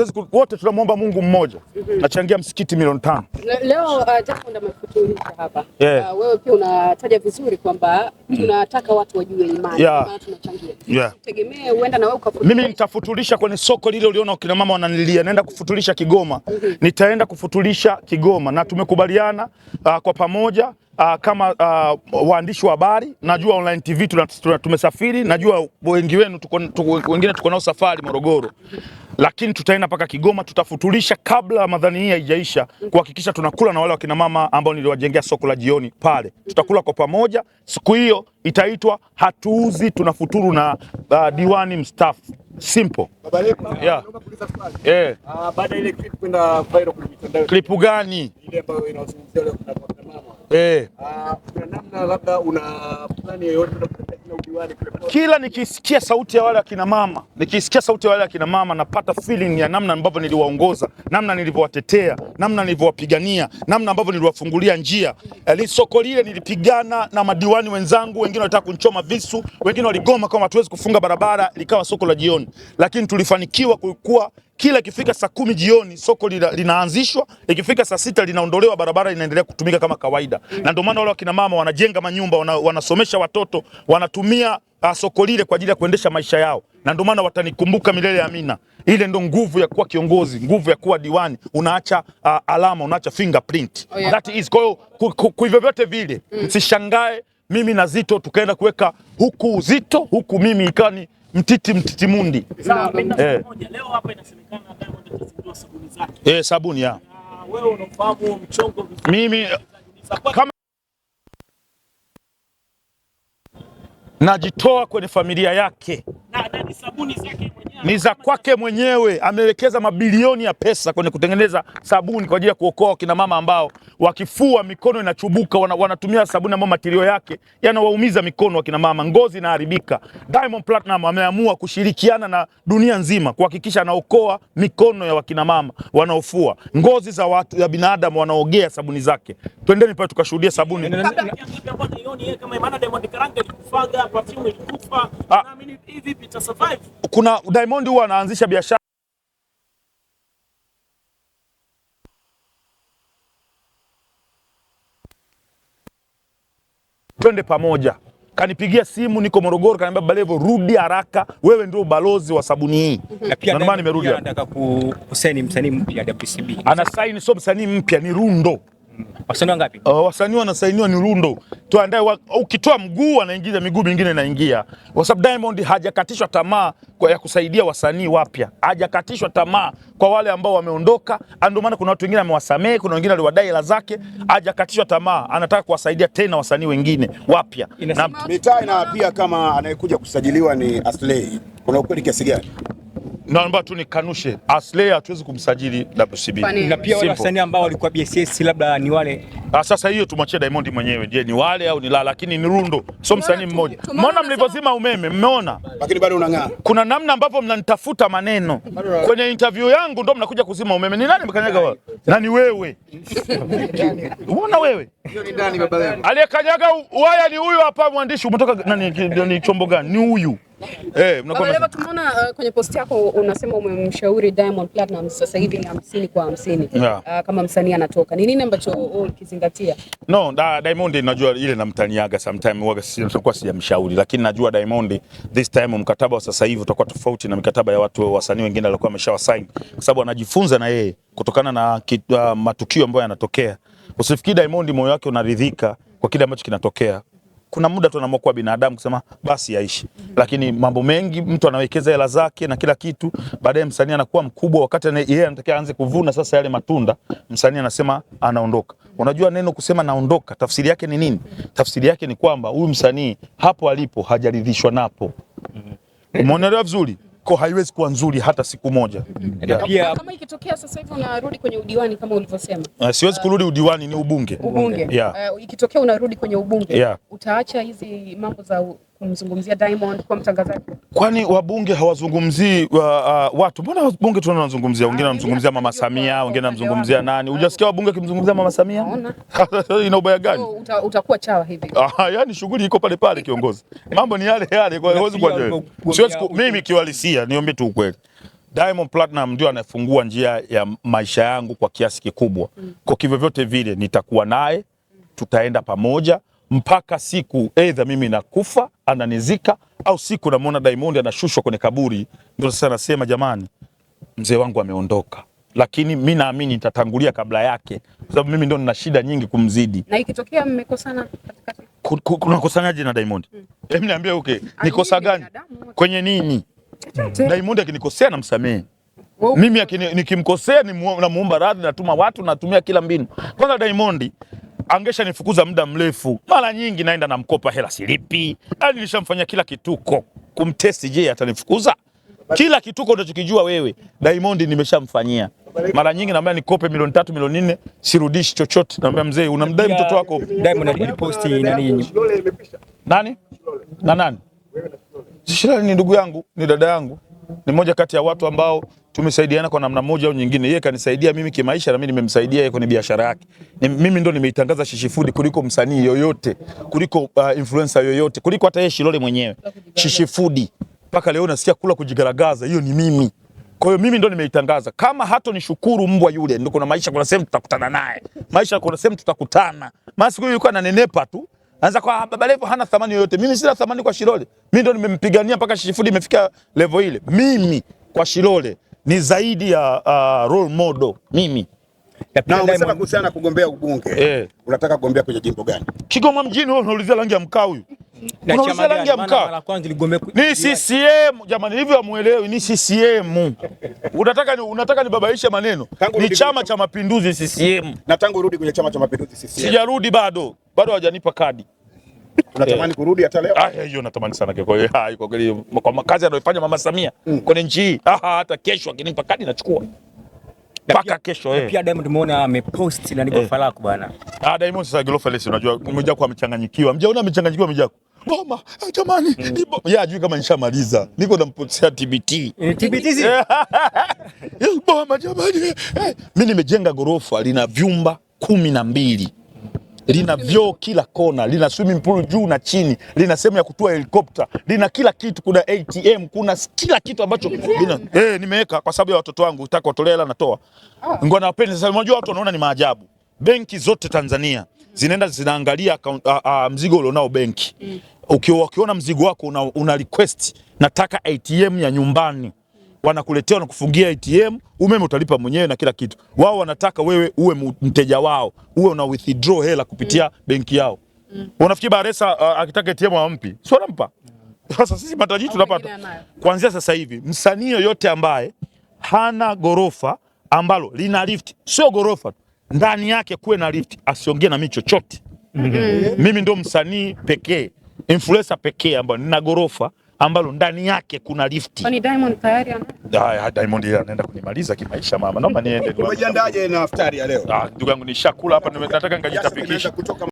hatuwezi wote, tunamwomba Mungu mmoja. Nachangia msikiti milioni tano. Leo uh, hapa yeah. Uh, wewe pia unataja vizuri kwamba tunataka watu wajue imani yeah. Tunachangia yeah. Tegemee uenda na wewe ukafutulisha. Mimi nitafutulisha kwenye soko lile, uliona wakina mama wananilia, naenda kufutulisha Kigoma mhm. Nitaenda kufutulisha Kigoma na tumekubaliana uh, kwa pamoja uh, kama uh, waandishi wa habari, najua online TV tumesafiri, najua wengi wenu wengine tuko nao safari Morogoro, lakini tutaenda mpaka Kigoma, tutafutulisha kabla madhani hii haijaisha, kuhakikisha tunakula na wale wakina mama ambao niliwajengea soko la jioni pale. Tutakula kwa pamoja siku hiyo, itaitwa hatuuzi tunafuturu na uh, diwani mstaafu. Simple. Yeah. Yeah. Uh, baada ile clip kwenda viral kwenye mitandao. Clip gani? Ile ambayo inazungumzia leo kuna eh, ah, kuna namna labda una plani yoyote kila nikisikia sauti ya wale akina mama, nikisikia sauti ya wale akina mama napata feeling ya namna ambavyo niliwaongoza, namna nilivyowatetea, namna nilivyowapigania, namna ambavyo niliwafungulia njia. Eh, soko lile nilipigana na madiwani wenzangu, wengine walitaka kunchoma visu, wengine waligoma kama hatuwezi kufunga barabara, likawa soko la jioni, lakini tulifanikiwa kulikuwa kila ikifika saa kumi jioni soko lina, linaanzishwa, ikifika saa sita linaondolewa, barabara inaendelea kutumika kama kawaida, na ndio maana wale wakina mama wanajenga manyumba, wana, wanasomesha watoto, wanatumia uh, soko lile kwa ajili ya kuendesha maisha yao, na ndio maana watanikumbuka milele ya amina. Ile ndo nguvu ya kuwa kiongozi, nguvu ya kuwa diwani, unaacha uh, alama, unaacha fingerprint. Oh, yeah. That is kwa hiyo kwa hivyo vyote vile msishangae mm. mimi na Zito tukaenda kuweka huku Zito huku mimi ikani mtiti mtiti mundi eh. Leo hapa inasemekana sabuni zake eh, sabuni ya wewe unafahamu mchongo Mimi kama najitoa kwenye familia yake ni ni za kwake mwenyewe. Amewekeza mabilioni ya pesa kwenye kutengeneza sabuni kwa ajili ya kuokoa wakina mama ambao wakifua mikono inachubuka, wana, wanatumia sabuni ambayo matirio yake yanawaumiza mikono wakina mama, ngozi inaharibika. Diamond Platinum ameamua kushirikiana na dunia nzima kuhakikisha anaokoa mikono ya wakina mama wanaofua, ngozi za watu ya binadamu wanaogea sabuni zake. Twendeni pale tukashuhudia sabuni kuna Diamond huwa anaanzisha biashara twende pamoja. Kanipigia simu, niko Morogoro, kaniambia Baba rudi haraka, wewe ndio balozi wa sabuni hii. nimerudi. Anataka kusaini msanii mpya WCB, ana saini, sio msanii mpya, ni rundo Wasanii wangapi? Uh, wasanii wanasainiwa ni rundo. Tuandae ukitoa mguu anaingiza miguu mingine inaingia. Kwa sababu Diamond hajakatishwa tamaa kwa ya kusaidia wasanii wapya. Hajakatishwa tamaa kwa wale ambao wameondoka. Ah, ndio maana kuna watu wengine amewasamehe, kuna wengine aliwadai hela zake. Hajakatishwa tamaa, anataka kuwasaidia tena wasanii wengine wapya. Na mitaa na pia kama anayekuja kusajiliwa ni Aslay. Kuna ukweli kiasi gani? naomba tu nikanushe, Aslay hatuwezi kumsajili WCB. Na pia wale wasanii ambao walikuwa BSS labda ni wale. Ah, sasa hiyo tumwachie Diamond mwenyewe, je, ni wale au ni la, lakini ni rundo, sio msanii mmoja. Mmeona mlivyozima umeme, mmeona lakini bado unang'aa. Kuna namna ambapo mnanitafuta maneno kwenye interview yangu, ndio mnakuja kuzima umeme. Ni nani mkanyaga wao? Na ni wewe uona wewe aliyekanyaga waya ni huyu hapa, mwandishi umetoka nani, chombo gani? Ni huyu Eh, mnakuwa leo Tumeona uh, kwenye posti yako unasema umemshauri Diamond Platinum sasa hivi ni hamsini kwa hamsini yeah. Uh, kama msanii anatoka ni nini ambacho ukizingatia? Uh, no, da, Diamond najua ile namtaniaga sometime huaga sitakuwa sijamshauri, lakini najua Diamond this time mkataba wa sasa hivi utakuwa tofauti na mikataba ya watu wasanii wengine walikuwa wameshawasaini kwa sababu anajifunza na yeye kutokana na kitu, uh, matukio ambayo yanatokea. Usifikiri Diamond moyo wake unaridhika kwa kile ambacho kinatokea kuna muda tu kuwa binadamu kusema basi yaishi, lakini mambo mengi mtu anawekeza hela zake na kila kitu, baadaye msanii anakuwa mkubwa, wakati yeye anatakiwa aanze kuvuna sasa yale matunda, msanii anasema anaondoka. Unajua neno kusema naondoka, tafsiri yake ni nini? Tafsiri yake ni kwamba huyu msanii hapo alipo hajaridhishwa napo. Umeonelewa vizuri? ko haiwezi kuwa nzuri hata siku moja. Yeah. Kama ikitokea sasa hivi unarudi kwenye udiwani kama ulivyosema. Uh, siwezi kurudi udiwani, ni ubunge. Ubunge. Yeah. Uh, ikitokea unarudi kwenye ubunge. Yeah. Utaacha hizi mambo za u kumzungumzia Diamond kwa mtangazaji. Kwani wabunge hawazungumzii wa, uh, uh, watu? Mbona wabunge tu wanazungumzia, wengine ah, wanamzungumzia Mama Samia, wengine wanamzungumzia nani? Hujasikia wabunge kimzungumzia Mama Samia? ina ubaya gani? Utakuwa chawa hivi. Ah, ah yani shughuli iko pale pale, kiongozi, mambo ni yale yale, kwa hiyo mimi kiwalisia, niombe tu ukweli Diamond Platinum ndio anafungua njia ya maisha yangu kwa kiasi kikubwa. Mm. Kwa kivyovyote vile nitakuwa naye, tutaenda pamoja mpaka siku aidha mimi nakufa ananizika au siku namuona Diamond anashushwa kwenye kaburi, ndio sasa nasema jamani, mzee wangu ameondoka lakini mi naamini nitatangulia kabla yake, kwa sababu mimi ndo nina shida nyingi kumzidi. Na ikitokea mmekosana katikati, kosanaje na Diamond? hmm. E, niambie okay, nikosa gani kwenye nini? hmm. Diamond akinikosea namsamehe mimi, nikimkosea namuomba radhi, natuma watu, natumia kila mbinu. Kwanza Diamond angeshanifukuza muda mrefu. Mara nyingi naenda namkopa hela silipi, yaani nilishamfanyia kila kituko kumtesti. Je, atanifukuza? Kila kituko unachokijua wewe Diamond nimeshamfanyia mara nyingi. Naambia nikope milioni tatu milioni nne, sirudishi chochote. Naambia mzee, unamdai mtoto wako. Diamond aliposti nani nani na nani, Shilole ni ndugu yangu, ni dada yangu ni moja kati ya watu ambao tumesaidiana kwa namna moja au nyingine. Yeye kanisaidia mimi kimaisha na mimi nimemsaidia yeye kwenye biashara yake. Ni, mimi ndo nimeitangaza Shishi Food kuliko msanii yoyote, kuliko uh, influencer yoyote, kuliko hata yeye Shilole mwenyewe. Shishi Food mpaka leo nasikia kula kujigaragaza, hiyo ni mimi. Kwa hiyo mimi ndo nimeitangaza. Kama hato nishukuru mbwa yule, ndio kuna maisha, kuna sehemu tutakutana naye. Maisha kuna sehemu tutakutana. Maana siku hiyo yuko ananenepa tu. Anza kwa Baba Levo hana thamani yoyote. Mimi sina thamani kwa Shilole. Mimi ndo nimempigania mpaka Shifudi imefika levo ile. Mimi kwa Shilole ni zaidi ya uh, role model mimi. Na unasema kuhusiana kugombea ubunge. Eh. Unataka kugombea kwenye jimbo gani? Kigoma mjini wewe unaulizia rangi ya mkaa huyu. Unaulizia rangi ya mkaa. Ni CCM jamani, hivyo amuelewi? ni CCM. Unataka ni unataka nibabaishe maneno. tangu Ni Chama cha Mapinduzi CCM. Na tangu urudi kwenye Chama cha Mapinduzi CCM. Sijarudi bado. Bado hawajanipa kadi. Unatamani eh. kurudi hata leo? Ah, hiyo natamani sana kwa hiyo Ah, kwa kweli kwa makazi anayofanya Mama Samia mm. kwenye nchi hii. Ah, hata kesho akinipa kadi nachukua. Paka kesho eh. Pia Diamond tumeona amepost na niko eh. falaku bwana. Ah, Diamond sasa gorofa lesi unajua Mwijaku amechanganyikiwa. Mjaona amechanganyikiwa Mwijaku. Ngoma, jamani, nipo. Mm. Yeye ajui kama nishamaliza. Niko na nampotea TBT. TBT zi? Mama, jamani. Eh, mimi nimejenga gorofa lina vyumba kumi na mbili lina vyoo kila kona, lina swimming pool juu na chini, lina sehemu ya kutua helikopta, lina kila kitu, kuna ATM, kuna kila kitu ambacho lina eh, nimeweka kwa sababu ya watoto wangu, nataka watolee hela, natoa ngoja nawapende sasa. Unajua watu wanaona ni maajabu, benki zote Tanzania zinaenda zinaangalia account, a, a, mzigo ulionao benki. Ukiona mzigo wako una, una request nataka ATM ya nyumbani wanakuletea na kufungia ATM, umeme utalipa mwenyewe na kila kitu. Wao wanataka wewe uwe mteja wao, uwe una withdraw hela kupitia mm. benki yao mm. Unafikiri Baresa uh, akitaka ATM ampi? Si wanampa. Mm. Sasa sisi matajiri tunapata kuanzia sasa hivi, msanii yoyote ambaye hana gorofa ambalo lina lift, sio gorofa ndani yake kuwe na lift, asiongee na mimi chochote mm -hmm. Mimi ndo msanii pekee influencer pekee ambaye nina gorofa ambalo ndani yake kuna lifti. Ni Diamond tayari ana. Diamond yeye anaenda kunimaliza kimaisha mama. Naomba niende. Umejiandaje na iftari ya leo? Ah, ndugu yangu nishakula hapa, nataka ngajitapikisha.